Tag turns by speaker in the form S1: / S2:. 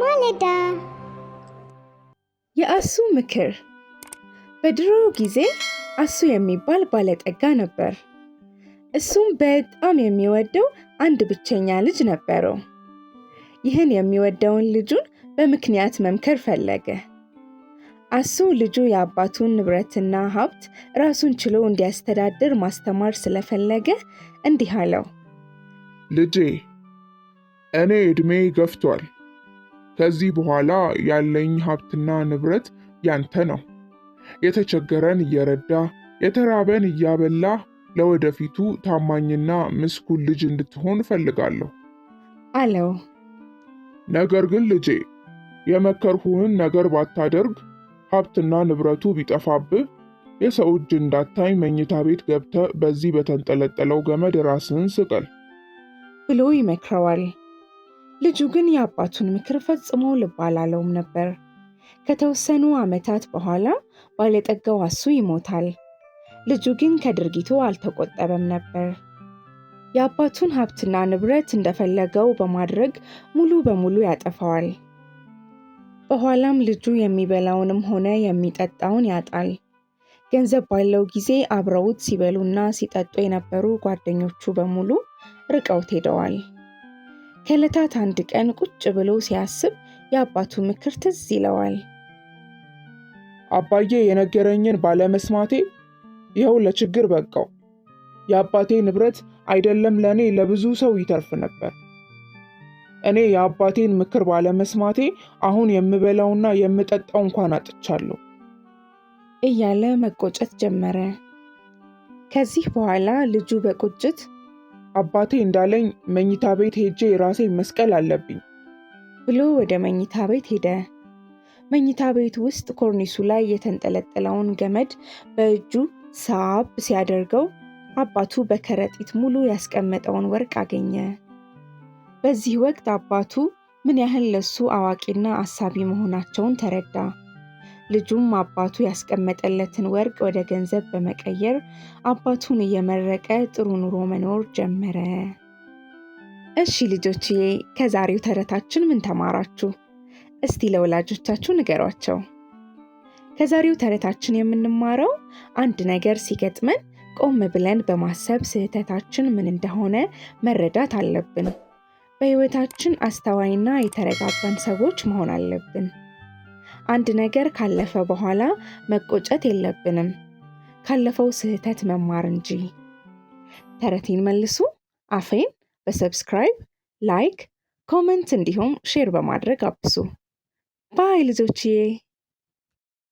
S1: ማለዳ የአሱ ምክር። በድሮ ጊዜ አሱ የሚባል ባለጠጋ ነበር። እሱም በጣም የሚወደው አንድ ብቸኛ ልጅ ነበረው። ይህን የሚወደውን ልጁን በምክንያት መምከር ፈለገ። አሱ ልጁ የአባቱን ንብረትና ሀብት ራሱን ችሎ እንዲያስተዳድር ማስተማር ስለፈለገ እንዲህ አለው፣
S2: ልጄ እኔ ዕድሜ ገፍቷል። ከዚህ በኋላ ያለኝ ሀብትና ንብረት ያንተ ነው። የተቸገረን እየረዳ የተራበን እያበላ ለወደፊቱ ታማኝና ምስኩን ልጅ እንድትሆን እፈልጋለሁ አለው። ነገር ግን ልጄ የመከርሁህን ነገር ባታደርግ፣ ሀብትና ንብረቱ ቢጠፋብህ፣ የሰው እጅ እንዳታይ መኝታ ቤት ገብተህ በዚህ በተንጠለጠለው ገመድ ራስህን ስቀል
S1: ብሎ ይመክረዋል። ልጁ ግን የአባቱን ምክር ፈጽሞ ልብ አላለውም ነበር። ከተወሰኑ ዓመታት በኋላ ባለጠጋው አሱ ይሞታል። ልጁ ግን ከድርጊቱ አልተቆጠበም ነበር። የአባቱን ሀብትና ንብረት እንደፈለገው በማድረግ ሙሉ በሙሉ ያጠፋዋል። በኋላም ልጁ የሚበላውንም ሆነ የሚጠጣውን ያጣል። ገንዘብ ባለው ጊዜ አብረውት ሲበሉና ሲጠጡ የነበሩ ጓደኞቹ በሙሉ ርቀውት ሄደዋል። ከዕለታት አንድ ቀን ቁጭ ብሎ ሲያስብ የአባቱ ምክር ትዝ ይለዋል።
S2: አባዬ የነገረኝን ባለመስማቴ ይኸው ለችግር በቃው። የአባቴ ንብረት አይደለም ለእኔ ለብዙ ሰው ይተርፍ ነበር። እኔ የአባቴን ምክር ባለመስማቴ አሁን የምበላውና የምጠጣው እንኳን አጥቻለሁ
S1: እያለ መቆጨት ጀመረ። ከዚህ በኋላ ልጁ በቁጭት
S2: አባቴ እንዳለኝ መኝታ ቤት ሄጄ ራሴ መስቀል አለብኝ
S1: ብሎ ወደ መኝታ ቤት ሄደ። መኝታ ቤት ውስጥ ኮርኒሱ ላይ የተንጠለጠለውን ገመድ በእጁ ሳብ ሲያደርገው አባቱ በከረጢት ሙሉ ያስቀመጠውን ወርቅ አገኘ። በዚህ ወቅት አባቱ ምን ያህል ለሱ አዋቂና አሳቢ መሆናቸውን ተረዳ። ልጁም አባቱ ያስቀመጠለትን ወርቅ ወደ ገንዘብ በመቀየር አባቱን እየመረቀ ጥሩ ኑሮ መኖር ጀመረ። እሺ ልጆችዬ፣ ከዛሬው ተረታችን ምን ተማራችሁ? እስቲ ለወላጆቻችሁ ንገሯቸው። ከዛሬው ተረታችን የምንማረው አንድ ነገር ሲገጥመን ቆም ብለን በማሰብ ስህተታችን ምን እንደሆነ መረዳት አለብን። በሕይወታችን አስተዋይና የተረጋጋን ሰዎች መሆን አለብን። አንድ ነገር ካለፈ በኋላ መቆጨት የለብንም፣ ካለፈው ስህተት መማር እንጂ። ተረቴን መልሱ አፌን በሰብስክራይብ ላይክ፣ ኮመንት እንዲሁም ሼር በማድረግ አብሱ። ባይ ልጆችዬ።